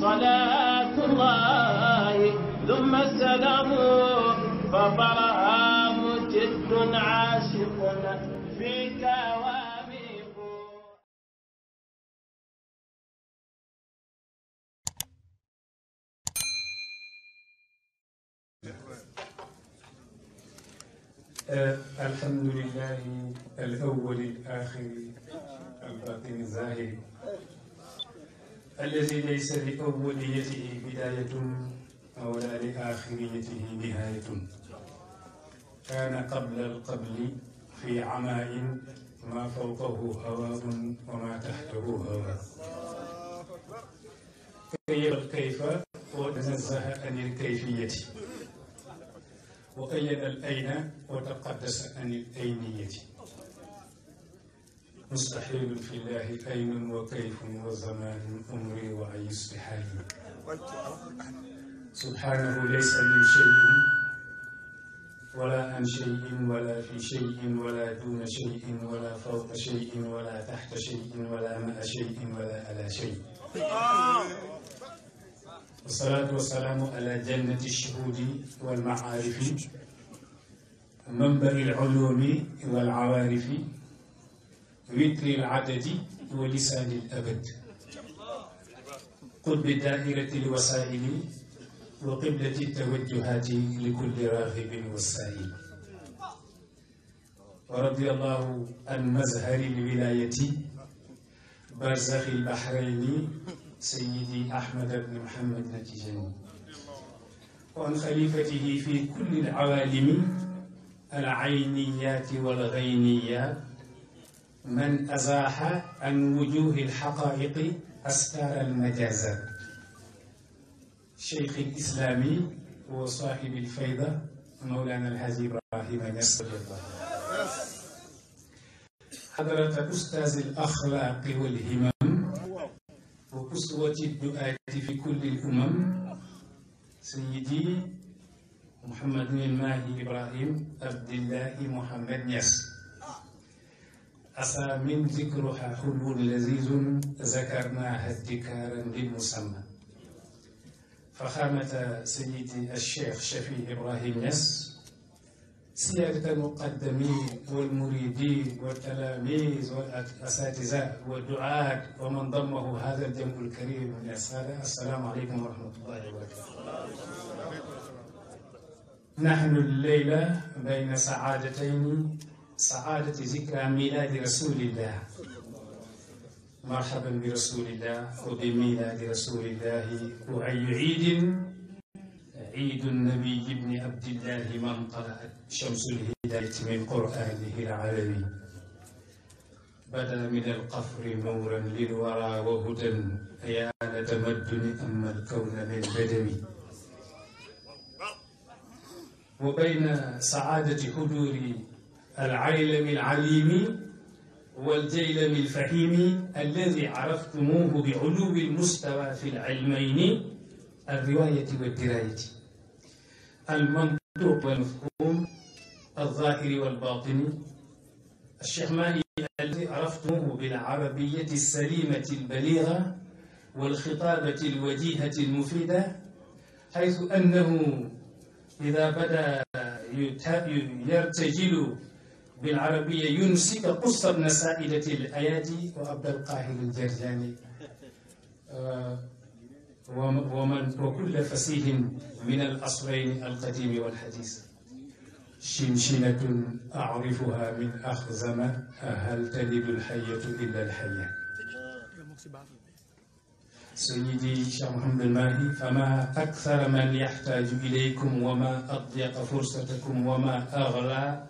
صلاة الله ثم السلام ففرها مجد عاشق فيك واميق الحمد لله الأول الآخر الباطن الظاهر allazi laysa li awwaliyatihi bidayatun wala li axiriyatihi nihayatun kaana qabla alqabli fi amaain ma fawqahu hawaun wa ma taxtahu hawa قيد كيف ونزه عن الكيفية وأيد الأين وتقدس عن الأينية مستحيل في الله أين وكيف وزمان أمري وأن يصبح لي سبحانه ليس من شيء ولا عن شيء ولا في شيء ولا دون شيء ولا فوق شيء ولا تحت شيء ولا مع شيء ولا على شيء والصلاة والسلام على جنة الشهود والمعارف منبر العلوم والعوارف witri adadi wa lisaani abad qud bi daairati lwasaili wa qiblati tawajjuhati li kulli raxibin wasail wa radi allahu an mazhari lwilayati barzaxi lbahrayni sayidi ahmad bni muhammad natijani وعن خليفته في كل العوالم العينيات والغينيات man azaaxa an wujuhi lxaqaiqi astaara almajazat cheikh alislami wa saahibi alfayda mawlana alhaji ibrahima ñas xadrata ustaaz alaxlaaqi walhimam wa uswati duaati fi kulli lumam sayidi mohammadun ilmahi ibrahim abdillahi mohammad ñas asa min zikruha xulbun lazizun zakarnaha dikaaran li musamma فخامة سيدي الشيخ شفيع إبراهيم نس سيادة المقدمين والمريدين والتلاميذ والأساتذة والدعاة ومن ضمه هذا الجمع الكريم من السادة السلام عليكم ورحمة الله وبركاته نحن الليلة بين سعادتين سعادة ذكرى ميلاد رسول الله مرحبا برسول الله وبميلاد رسول الله وأي عيد عيد النبي ابن عبد الله من طلعت شمس الهداية من قرآنه العالمي بدا من القفر نورا للورى وهدى يا لتمدن أما الكون من بدمي وبين سعادة حضوري العلم العليم والجيلم الفهيم الذي عرفتموه بعلو المستوى في العلمين الرواية والدراية المنطوق والمفهوم الظاهر والباطن الشيخ ماهي الذي عرفتموه بالعربية السليمة البليغة والخطابة الوجيهة المفيدة حيث أنه إذا بدأ يرتجل بالعربية ينسيك قصة ابن سائدة الأيادي وعبد القاهر الجرجاني ومن وكل فسيح من الأصلين القديم والحديث شمشنة أعرفها من آخر زمان هل تلد الحية إلا الحية سيدي شيخ محمد الماهي فما أكثر من يحتاج إليكم وما أضيق فرصتكم وما أغلى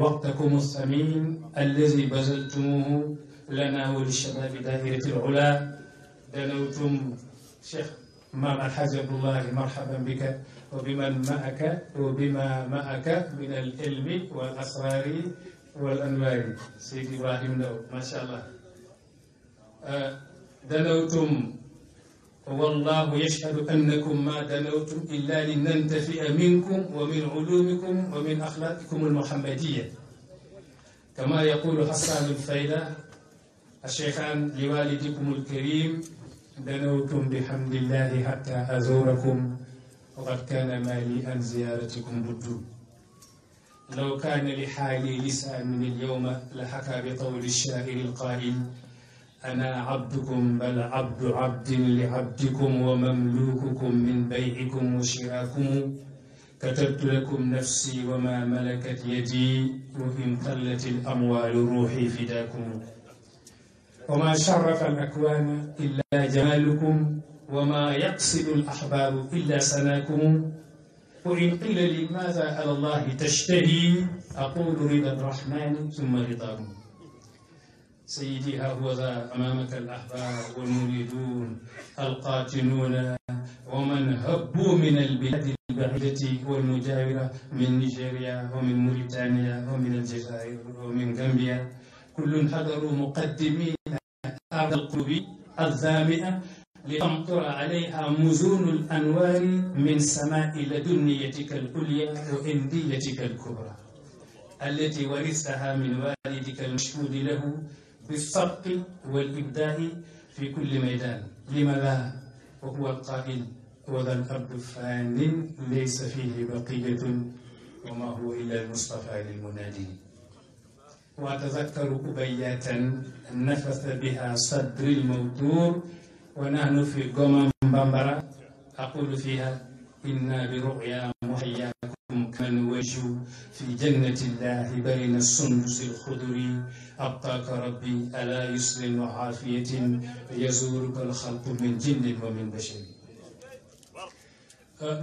وقتكم الثمين الذي بذلتموه لنا ولشباب دائرة العلا دنوتم شيخ مام الحاج عبد الله مرحبا بك وبمن معك وبما معك من العلم والأسرار والأنوار سيد إبراهيم لو ما شاء الله دنوتم wallahu yashhadu annakum ma danawtum illa li nantafia minkum wa min culuumikum wa min axlaaqikum almuhammadiya kama yaqulu xasan alfayda الشيخان لوالدكم الكريم دنوتم بحمد الله حتى أزوركم وقد كان مالي أن زيارتكم بد لو كان لحالي لسان من اليوم لحكى بقول الشاعر القائل أنا عبدكم بل عبد عبد لعبدكم ومملوككم من بيعكم وشراكم كتبت لكم نفسي وما ملكت يدي وإن قلت الأموال روحي فداكم وما شرف الأكوان إلا جمالكم وما يقصد الأحباب إلا سناكم وإن قيل لي ماذا على الله تشتهي أقول رضا الرحمن ثم رضاكم سيدي ها هو ذا أمامك الأحبار والمريدون القاتلون ومن هبوا من البلاد البعيدة والمجاورة من نيجيريا ومن موريتانيا ومن الجزائر ومن غامبيا كل حضروا مقدمين أعلى القلوب الظامئة لتمطر عليها مزون الأنوار من سماء لدنيتك العليا وإنديتك الكبرى التي ورثتها من والدك المشهود له بالصدق والإبداع في كل ميدان لم لا وهو القائل وذا الأب فان ليس فيه بقية وما هو إلا المصطفى للمنادي وأتذكر أبياتا نفث بها صدر الموتور ونحن في قمم بمبرة أقول فيها إنا برؤيا محياكم كالوجه في جنة الله بين السندس الخضر أبقاك ربي ألا يسر وعافية يزورك الخلق من جن ومن بشر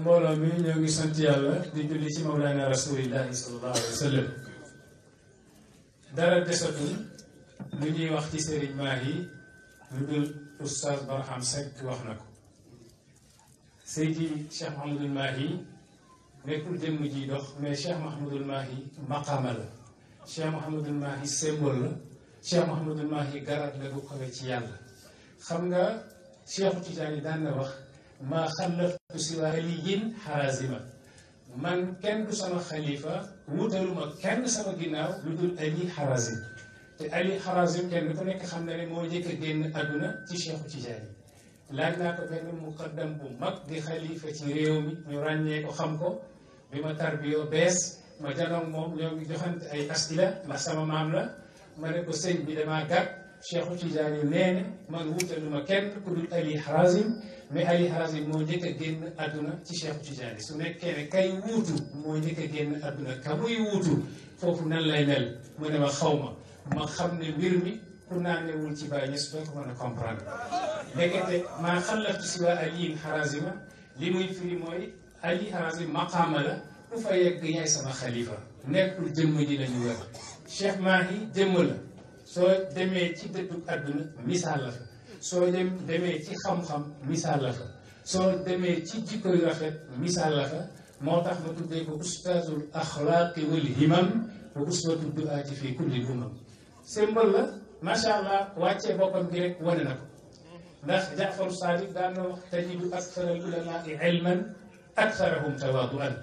mbooloo mi ñoo ngi sant yàlla di julli ci mawlaana rasulillahi sallallahu alayhi wa sallam dara desatul lu ñuy wax ci sëriñ Mahi lu dul oustaz Barham Seck wax na ko sëriñ Cheikh Mahamadul Mahi nekkul jëmm ji dox mais Cheikh Mouhamadul Mahi maqaama la Cheikh Mouhamadul Mahi symbole la Cheikh Mouhamadul Mahi garab la bu xawee ci yàlla xam nga Cheikh Tidiane yi daan nga wax maa xalaftu siwa aliyin xarazima man kenn du sama xalifa wutaluma kenn sama ginnaaw lu dul ali xarazim te ali xarazim kenn ku nekk xam na ne moo njëkk a génn àdduna ci Cheikh Tidiane yi laaj naa ko benn muqaddam bu mag di xalifa ci réew mi ñu ràññee ko xam ko bi ma tarbiyoo bees ma janoog moom ñoo ngi joxante ay asila ndax sama maam la ma ne ko sëñ bi damaa gàtt Cheikhu Tidiane nee na man wutalu ma kenn ku dul Ali Harazim mais Ali Harazim moo njëkk a génn àdduna ci Cheikhu Tidiane su nekkee ne kay wuutu moo njëkk a génn ka muy wuutu foofu nan lay mel mu ne ma xaw ma ma xam ne mbir mi ku naanewul ci bàyyi ñëpp doo ko mën a ndekete maa xallatu si waa aliin harazima li muy fii mooy ali harazim maqaama ku fa yegg yaay sama xalifa nekkul jëmm ji lañu wër Cheikh Mahi jëmm la soo demee ci dëddu àdduna misaal la fa soo demee ci xam-xam demee ci rafet misaal la fa moo tax ma tuddee ko ustaazul axlaaqi wal himam wa uswatu duaati fi kulli umam symbole la macha allah wàccee boppam gi rek wane na ko ndax Jaafaru Saadiq daan na wax tajidu aksara ulama i ilman aksarahum tawaaduan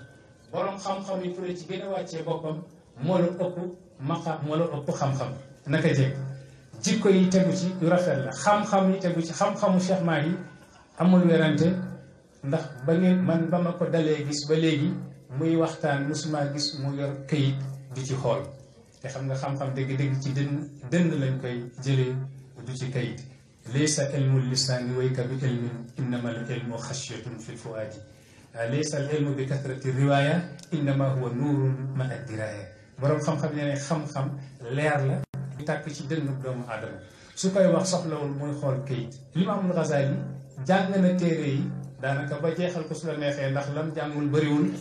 borom xam-xam yi ku la ci gën a wàccee boppam moo la ëpp maqaam ëpp xam-xam naka jekk jikko yi tegu ci yu rafet la xam-xam yi tegu ci xam-xamu maa Mahi amul werante ndax ba ngeen man ba ma ko dalee gis ba léegi muy waxtaan musuma gis mu yor këyit du ci xool te xam nga xam-xam dëgg-dëgg ci dënn dënn lañ koy jëlee du ci këyit laysa ilmul lisaani wayka bi ilmin innama al ilmu xashyatun fi lfuaadi laysa al ilmu bi kasrati riwaaya innama huwa nuurun ma ak diraaya borom xam-xam ne xam-xam leer la bu tàkk ci dënnu doomu aadama su koy wax soxlawul muy xool kayit Imaamul Gasaali jàng na téere yi daanaka ba jeexal ko su la neexee ndax lam jàngul bariwul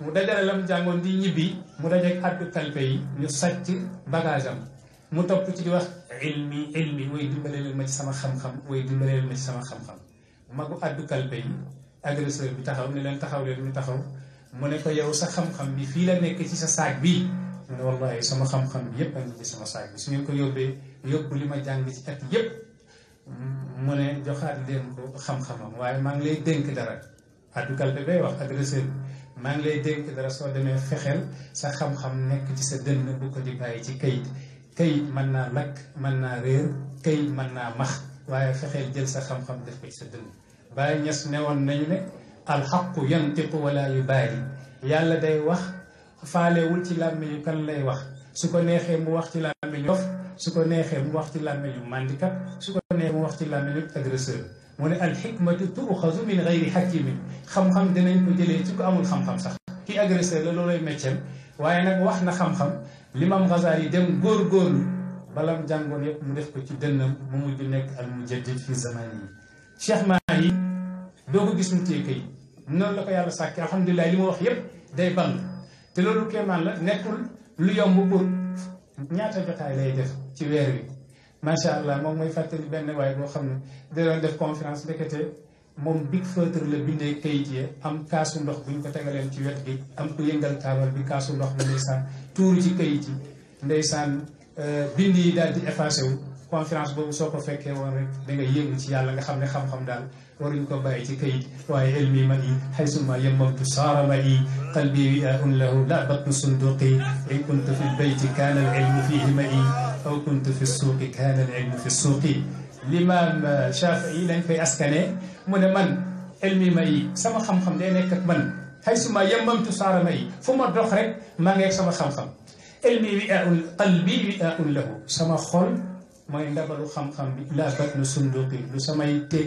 mu dajale lam jàngoon di ñibbi mu dajeeg addu kalpe yi ñu sàcc bagage am mu topp ci di wax ilmi ilmi way dimbaleel ma ci sama xam-xam way dimbaleel ma ci sama xam-xam magu àddu kalpe yi agresseur bi taxaw ne leen taxaw leen ñu taxaw mu ne ko yow sa xam-xam bi fii la nekk ci sa saag bi mu ne sama xam-xam bi yépp bi su ngeen ko yóbbee yóbbu li ma jàng ci at yépp mu ne joxaat leen ko xam-xamam waaye maa ngi lay dénk dara àddu kalpe bay wax agresseur bi maa ngi lay dénk dara soo demee fexeel sa xam-xam nekk ci sa dënn bu ko di bàyyi ci kayit kayit man naa lakk man naa réer kayit man naa max waaye fexeel jël sax xam-xam def ko ci sa dënn Baay Ñas ne woon nañu ne alxaqu yantiqu wala yu baari yàlla day wax faalewul ci làmmiñu kan lay wax su ko neexee mu wax ci làmmiñu dof su ko neexee mu wax ci làmmiñu màndikat su ko neexee mu wax ci làmmiñu agresseur mu ne alxikmatu tuuxasu min gayri xakimin xam-xam dinañ ko jëlee ci ko amul xam-xam sax kii agresseur la loolay métiem waaye limam yi dem góor góorgóorlu balam jàngoon yëpp mu def ko ci dënnam mu mujj nekk al mujaddid fi zaman yi Cheikh maa yi doo ko gis mu téye mu noonu la ko yàlla sàkki alhamdulilah li ma wax yëpp day bang te loolu kéemaan la nekkul lu yomb buur ñaata jotaay lay def ci weer wi macha allah moom mooy fàttali benn waaye boo xam ne da doon def conférence ndekete moom big feutre la bindee kayit yi am kaasu ndox bu ñu ko tegaleen ci wet gi am ku yëngal taabal bi kaasu ndox mu ngi sànn tuuru ci kayit yi ndeysaan euh, bind yi daal di effacé wu conférence boobu soo ko fekkee woon rek da nga ci yàlla nga xam ne xam-xam daal waruñ ko bàyyi ci kayit waaye ilmi ma i ma yemmamtu saara ma i qalbi wiaun lahu la batnu sunduqi in kuntu fi lbeyti kaana al ilmu ma fi suuqi kaana al ilmu fi suuqi l'imam euh, askane mu ne man ilmi ma i sama xam-xam day nekk ak man xay suma yemmamtu saara may fu ma dox rek maa ngi ak sama xam-xam ilmi wi aun qalbi wi aun lahu sama xol mooy ndabalu xam-xam bi laa bat nu sunduqi lu samay te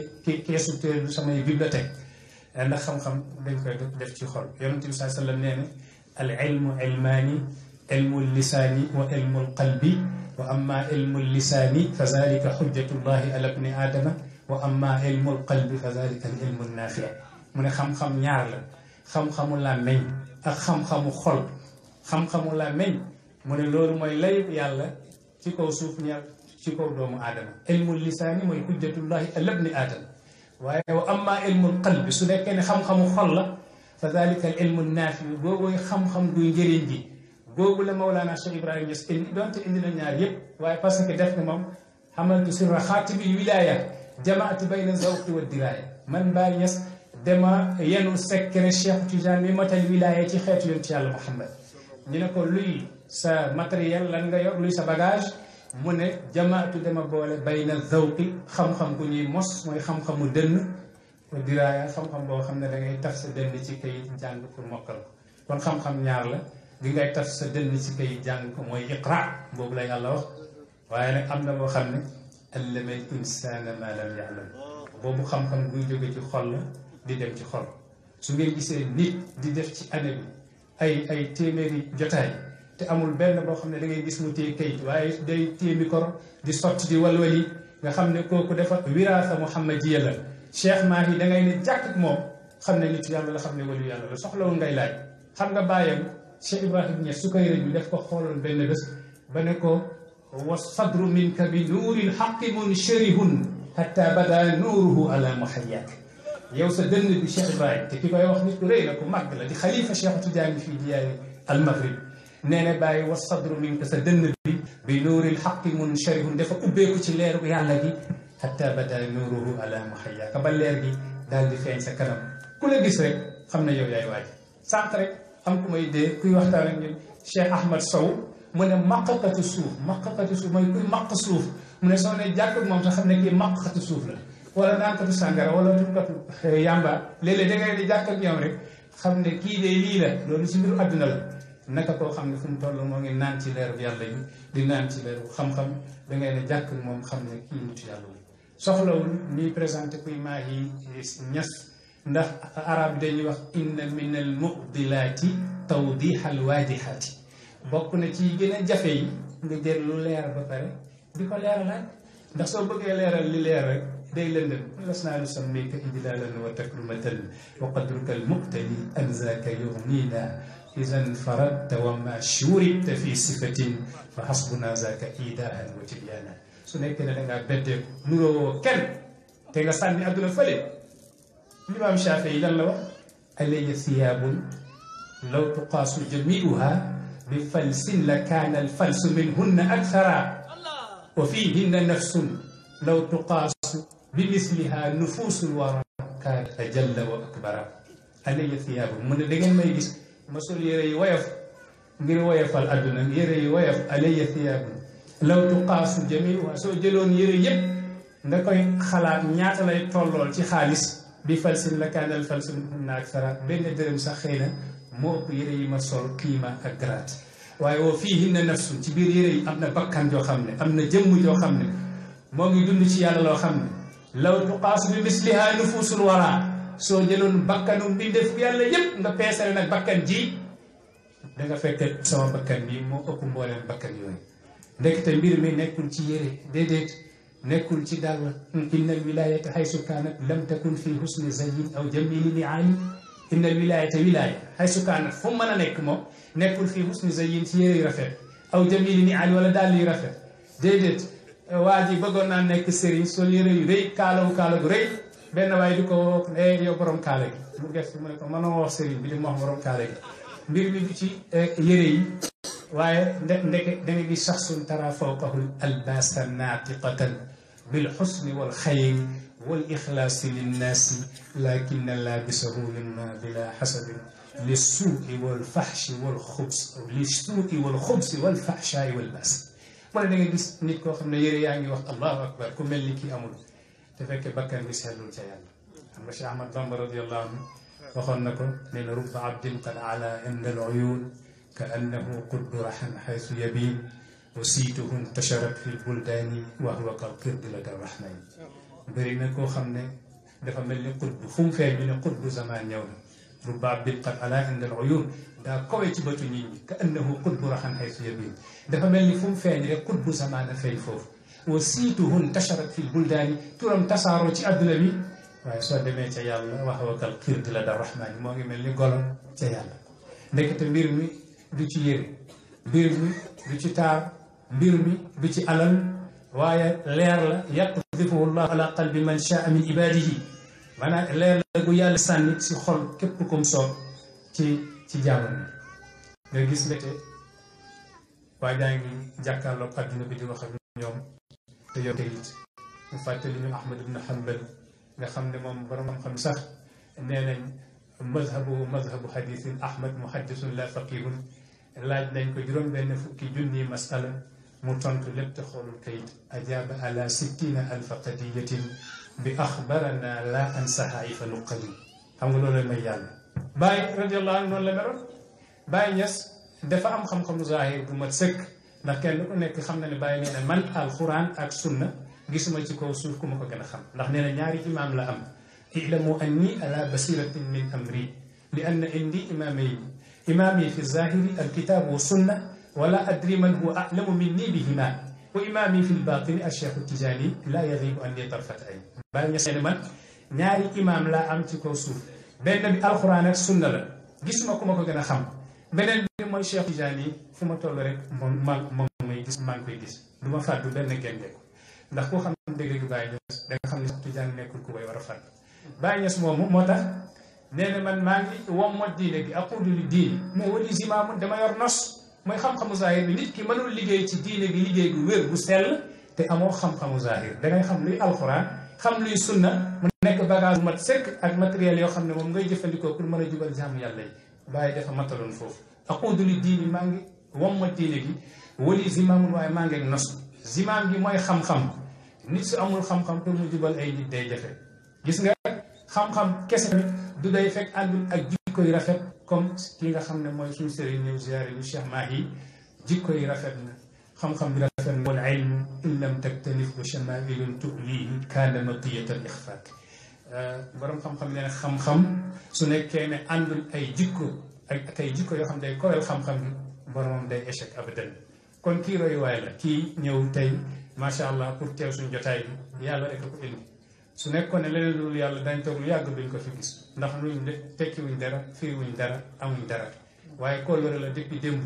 keesu te lu samay bibliothèque eh, ndax xam-xam dañ koy def ci xol yonent bi saa sallam nee na al ilmu ilmaani ilmu lisaani wa ilmu qalbi wa amma ilmu lisaani fa zalika xujjatullahi ala bni aadama wa amma ilmu qalbi fa zalika al ilmu naafi mu ne xam-xam ñaar la xam-xamu làmmiñ ak xam-xamu xol xam-xamu làmmiñ mu ne loolu mooy layub yàlla ci kaw suuf ñaar ci kaw doomu aadama ilmul lisaani mooy hujjatullahi alab ni aadama waaye wa amma ilmul qalbi su nekkee ne xam-xamu xol la fa dalika al ilmu naafi boobu xam-xam guy njëriñ ji boobu la Mawlana Cheikh Ibrahima Niass indi donte indi na ñaar yëpp waaye parce que def na moom xamal tu si xaatibil wilaaya jamaatu bayna zawqi wa diraaya man Baay dama yenu secret Cheikh Tidiane mi matal wilaaya ci xeetu yonent yàlla Muhammad ñu ne ko luy sa matériel lan nga yor luy sa bagage mu ne jamaatu dama boole bayna zawqi xam-xam ku ñuy mos mooy xam-xamu dënn diraaya xam-xam boo xam ne da ngay taf sa dënn ci kayit jàng pour mokkal ko kon xam-xam ñaar la bi ngay taf sa dënn ci kayit jàng ko mooy iqra boobu la yàlla wax waaye nag am na loo xam ne allamal insaana ma lam ya'lam boobu xam-xam buy jóge ci xol la di dem ci xol su ngeen gisee nit di def ci année bi ay ay téeméeri jotaay te amul benn boo xam ne da ngay gis mu téye kayit waaye day téye micro di sotti di walwali nga xam ne kooku dafa wiraasa muhammadiya la cheikh Mahi da ngay ne moom xam ne nit yàlla la xam ne walu yàlla la soxlawul ngay laaj xam nga bàyyam cheikh Ibrahim Niass su koy rëju def ko xooloon benn bés ba ne ko wa sadru minka bi nuuril xaqi munshirihun hatta bada nuuruhu ala muhayaak yow sa dënn bi Cheikh Ibrahima te ki koy wax nit ku rëy la ku màgg la di xalifa Cheikh Tidiane fii jiyaani almaghrib nee na bàyyi was sadru min ko sa dënn bi bi nuuril xaqi mun sharihun dafa ubbeeku ci leeru yàlla gi xatta bada nuuruhu ala maxayaaka ba leer gi daal di feeñ sa kanam ku la gis rek xam na yow yaay waaj sànq rek am ku may dee kuy waxtaan ak ñun Cheikh Ahmad Sow mu ne maqkatu suuf maqkatu suuf mooy kuy maq suuf mu ne soo ne jàkk moom sax xam ne kii maqkatu suuf la wala naankatu sàngara wala tuurkatu eh, yàmba léeg-léeg da ngay di jàkk ak ñoom rek xam ne kii de lii la loolu si mbiru àdduna la naka koo xam ne fu mu toll moo ngi naan ci leeru yàlla yi di naan ci leeru xam-xam da ngay ne jàkk moom xam ne kii nitu yàlla la soxlawul ñuy présenté kuy maa yi ñas ndax arab dañuy wax inna min al mudilaati tawdihal waadihaati bokk na ci gën a jafe yi nga jël lu leer ba pare di ko leeralaat ndax soo bëggee leeral li leer rek day lëndëm lasnaa nusammika ijlaalan wa takrumatan wa qadruka almuqtali an zaaka yugnina idan faradta wa ma shuribta fi sifatin fa xasbuna zaaka idahan wa tibyana su nekkee ne da ngaa beddeeku nuróowoo kenn te nga sànni àdduna fële limaam Shaafi yi lan la wax alayya siyaabun law tuqaasu jamiuha bi falsin la kaana alfalsu minhunna akthara wa fihinna nafsun law tuqaasu bimisliha nufuusul wara kaarita jalla wa akbara alayya thiyaabu mu ne da may gis ma sol yére yu woyof ngir woyofal adduna yére yi woyof alayya thiyaabu law tuqaasu jamiiwa soo jëloon yére yépp nga koy xalaat ñaata lay tollool ci xaalis bi falsin la kaanal falsin na aksara benn dërëm sax xëy na moo ëpp yére yi ma sol kiima ak garaat waaye woo fii hinna nafsun ci biir yére yi am na bakkan joo xam ne am na jëmm joo xam ne moo ngi dund law tuqaasu bi misliha nufuusul wara soo jëloon bakkanu mbindeef yàlla yépp nga peesale nag bakkan ji danga nga fekk sama bakkan bi moo ëpp mbooleem bakkan yooyu ndekete mbir mi nekkul ci yére déedéet nekkul ci dàll inna al wilayata haysu kaanat lam takun fi husni zayin aw jamili niaani inna al wilayata wilaya haysu kaanat fu mën a nekk moom nekkul fi husni zayin ci yére yu rafet aw jamili niaani wala dàll yu rafet déedéet Euh, waa ji bëggoon naa nekk sëriñ sol yëre yu rëy kaalawu kaala gu rëy benn waaye di ko wax ne eh, yow borom kaala gi mu gestu mu ne ko mënoo wax sëriñ bi di mu wax borom kaala gi mbir mi du ci eh, yëre yi waaye nde ndeke da nga gis saxsun tara fawqahu albaasa naatiqatan bil xusni wal xayri wal ixlaasi linnaasi lakinna laabisahu mimma bila xasabin li suuqi wal faxshi wal xubs li suuqi wal xubsi wal faxshaai wal baas wala da nga gis nit koo xam ne yére yaa ngi wax allahu akbar ku mel ni kii amul te fekkee bakkan bi sellul ca yàlla xam nga Cheikh Ahmad Bamba radiallahu anhu waxoon na ko nee na rubba abdin qad ala inda al uyun ka annahu quddu rahan xaysu yabin wa siituhum tasharat fi buldaani wa huwa kal kirdi la dal rahmani bëri na koo xam ne dafa mel ni quddu fu mu feeñ ñu ne quddu zaman ñëw na rubba abdin qad ala inda al uyun daa kawe ci bëtu nit ñi ka annahu quddu rahan xaysu yabin dafa mel ni fu mu feeñ rek xutbu zamaana feeñ foofu wa siituhun tasharat fil buldaani turam tasaaroo ci adduna bi waaye soo demee ca yàlla wax wakal xiir di la da rahmaani moo ngi mel ni golo ca yàlla ndekete mbir mi du ci yére mbir mi du ci taar mbir mi du ci alal waaye leer la yaqdifuhu llahu ala qalbi man shaa min ibadihi maanaam leer la gu yàlla sànni si xol képp kum soob ci ci jaamam bi nga gis ndekete waaye daa ngi jàkkaarloog àdduna bi di wax ak ñoom te yow tey it mu fàttali ñu Ahmad ibn Hanbal nga xam ne moom borom xam-xam sax nee nañ mazhabu mazhabu xadisin Ahmad muhaddisun la faqihun laaj nañ ko juróom-benn fukki junni masala mu tontu lépp te xoolul kayit ajaaba ala sittina alfa qadiyatin bi axbarana la ansaha ifa luqali xam nga loolu may yàlla Baye radiyallahu anhu noonu la meroon Baye Niass dafa am xam-xamu zahir bu mat sëkk ndax kenn ku nekk xam na ne bàyyi nee na man alquran ak sunna gisuma ci kaw suuf ku ma ko gën a xam ndax nee na ñaari imaam la am ilamu anni ala basiratin min amri li anna indi imaamayni imaami fi zahiri alkitaab wa sunna wala adri man huwa alamu minni bihima wa imaami fi lbatini alcheikhu tijaani la yadibu anni tarfat ayn bàyyi ña seeni man ñaari imaam laa am ci kaw suuf benn bi alquran ak sunna la gisuma ku ma ko gën a xam beneen mooy Cheikh Tidiane yi fu ma toll rek moom maa moom may gis maa ngi koy gis du ma ndax koo xam ne da nga xam ne Cheikh Tidiane nekkul ku koy war a fàttu Baye Niass moomu moo tax nee na man maa ngi wom mot diine gi aqudu li diine mais wali zimaamun dama yor nos mooy xam-xamu zahir bi nit ki mënul liggéey ci diine bi liggéey gu wér gu sell te amoo xam-xamu zahir dangay xam luy alxuraan xam luy sunna mu nekk bagage bu mat sëkk ak matériel yoo xam ne moom ngay jëfandikoo pour mën a aquudu li maa ngi wamma diine gi wali zimaamul waaye maa ngi ak nos zimaam gi mooy xam-xam nit su amul xam-xam pour mu jubal ay nit day jafe gis nga xam-xam kese tamit du day fekk àndul ak jikko yu rafet comme ki nga xam ne mooy suñu sëriñ ñëw ziyaare bu Cheikh jikko yu rafet na xam-xam bi rafet na wal ilm in lam taktanif bu shamailun tulihi kaana matiyatan ixfaak euh, borom xam-xam ne xam su nekkee ne àndul ay jikko ak tey ay jikko yoo xam day kowel xam-xam bi boromam day échec abadan kon kii royuwaay la kii ñëw tey macha allah pour teew suñ jotaay bi yàlla rek ko indi su nekkoon ne leneen loolu yàlla dañ toog yàgg duñ ko fi gis ndax luñ tekki dara firi wuñ dara amuñ dara waaye kóllëre la depuis démb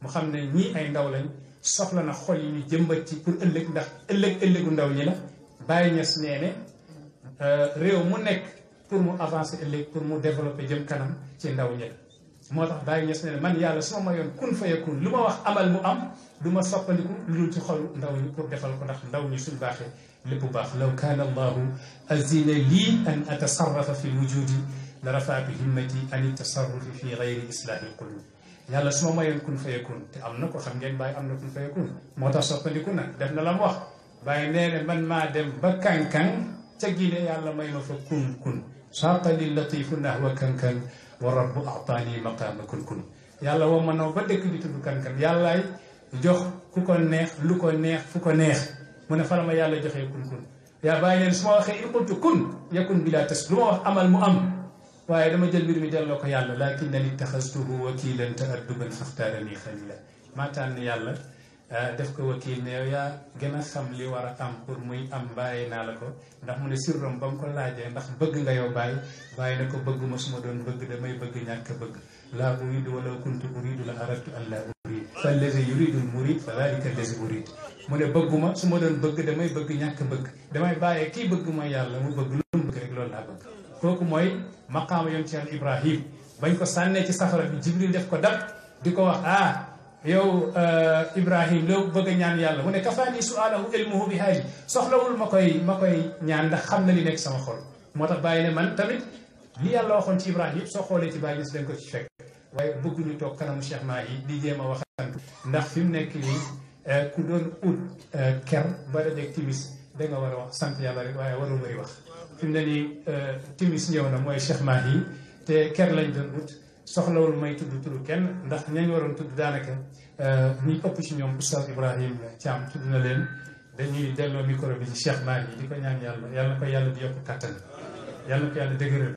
mu xam ne ñii ay ndaw lañ soxla na xol yi ñu jëmbat ci pour ëllëg ndax ëllëg ëllëgu ndaw ñi la bàyyi ñas nee ne euh, réew mu nekk pour mu avancer ëllëg pour mu développer jëm kanam ci ndaw ñi moo tax bàyyi ñes ne man yàlla su ma mayoon kun fa yakun lu ma wax amal mu am du ma soppaliku lu dul ci xolu ndaw ñi pour defal ko ndax ndaw ñi suñ baaxee lépp baax law kaana allahu azina lii an atasarrafa fi wujudi la rafaa bi himmati an itasarrufi fi gayri islaahi lqulub yàlla su ma mayoon kun fa yakun te am na ko xam ngeen bàyyi am na kun fa yakun moo tax soppaliku nag def na la mu wax bàyyi nee ne man maa dem ba kankan ca Guinée yàlla may ma fa kun kun saaqali latifu nahwa kankan wa rabbu ataani maqaama kun-kun yàlla woo ma naw ba dëkk bi tudd kan-kan yàllaay jox ku ko neex lu ko neex fu ko neex mu ne fala ma yàlla joxee kun-kun yaa bàyyi leen su ma waxee iqultu kun yakun bi laa tas lu ma wax amal mu am waaye dama jël mbir mi delloo ko yàlla laakin nani taxastuhu wakiilan ta'adduban faxtaarani xaliila maa tànn yàlla Eh, def ko wakiil ne yow yaa gën a xam li war a am pour muy am bàyyi naa la ko ndax mu ne surrom ba mu ko laajee ndax bëgg nga yow bàyyi bàyyi na ko bëgg ma su ma doon bëgg damay bëgg ñàkk bëgg laa uridu wala kuntu uridu la aratu an laa urid fallazi yuridu al murid fa dalika allazi urid mu ne bëgguma su ma doon bëgg damay bëgg ñàkk bëgg damay bàyyee kii bëgg mooy yàlla mu bëgg lu mu bëgg rek loolu laa bëgg kooku mooy maqaama yoon ci yàlla ibrahim bañ ko sànnee ci safara bi jibril def ko dab di ko wax ah yow euh, Ibrahim loo bëgg ñaan yàlla mu ne kafaani sualahu ilmuhu bi haaji soxlawul ma koy ma koy ñaan ndax xam na li nekk sama xol moo tax bàyyi ne man tamit li yàlla waxoon ci Ibrahim yëpp soo xoolee ci bàyyi gis dañ ko ci fekk waaye bëgguñu toog kanamu Cheikh Maa yi di jéem a waxantu ndax fi mu nekk nii euh, ku doon ut euh, ker ba dajeeg timis da nga war a wax sant yàlla rek waaye waroo bëri wax fi mu ne nii timis ñëw na mooy Cheikh Maa te ker lañ doon ut soxlawul may tudd turu kenn ndax ñañ waroon tudd daanaka euh, ñi ëpp ci ñoom Oustaz Ibrahim Thiam tudd na leen dañuy delloo micro bi ci Cheikh Mahi di ko ñaan yàlla yàlla na ko yàlla di yokk kàttan yàlla na ko yàlla dëgëral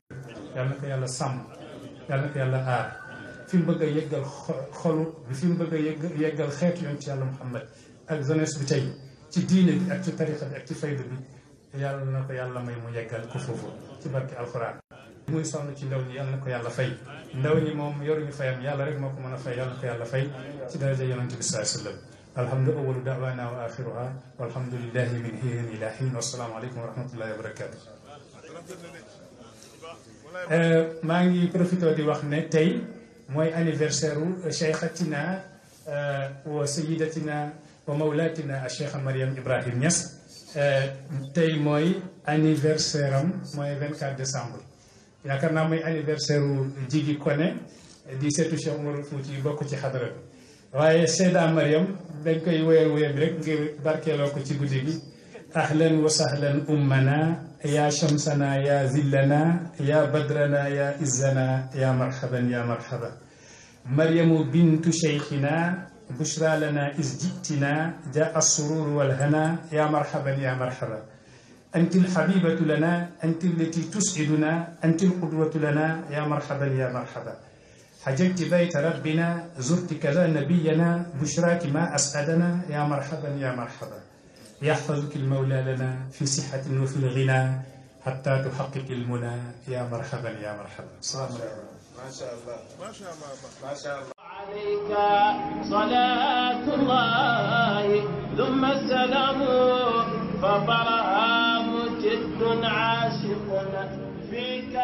yàlla na ko yàlla sàmm yàlla na ko yàlla aar fi mu bëgg a yeggal xolu fi mu bëgg a yegg yeggal yoon ci yàlla Muhammad ak jeunesse bi tey ci diine bi ak ci tarixa bi ak ci fayda bi yàlla na ko yàlla may mu yeggal ko foofu ci barke alxuraan muy sonn ci ndaw ñi yàlla na ko yàlla fay ndaw ñi moom yoruñu fayam yàlla rek moo ko mën a fay yàlla fay ci daraja yonent bi sallallahu alayhi wa sallam alhamdu awalu daawana wa axiruha euh, maa ngi profité di wax ne tey mooy anniversaire u cheikhatina euh, wa sayidatina wa mawlatina cheikha mariam ibrahim Niass euh, tey mooy anniversaire am mooy 24 décembre yaakaar naa muy anniversaire wu Jigi Koné di seetu Cheikh Oumar Fouti yi bokk ci xadara bi waaye Seyda Mariam dañ koy woyal woyam rek ngir barkeeloo ko ci guddi gi ahlan wa sahlan ummana ya shamsana ya zillana ya badrana ya izzana ya marhaban ya marhaban maryamu bintu cheikhina bushra lana is jittina ja assurur walhana ya marhaban ya marhaban أنت الحبيبة لنا أنت التي تسعدنا أنت القدوة لنا يا مرحبا يا مرحبا حججت بيت ربنا زرت كذا نبينا بشراك ما أسعدنا يا مرحبا يا مرحبا يحفظك المولى لنا في صحة وفي الغنى حتى تحقق المنى يا مرحبا يا مرحبا السلام عليكم ما شاء الله ما شاء الله ما شاء الله عليك صلاة الله ثم السلام فطرها عاشق فيك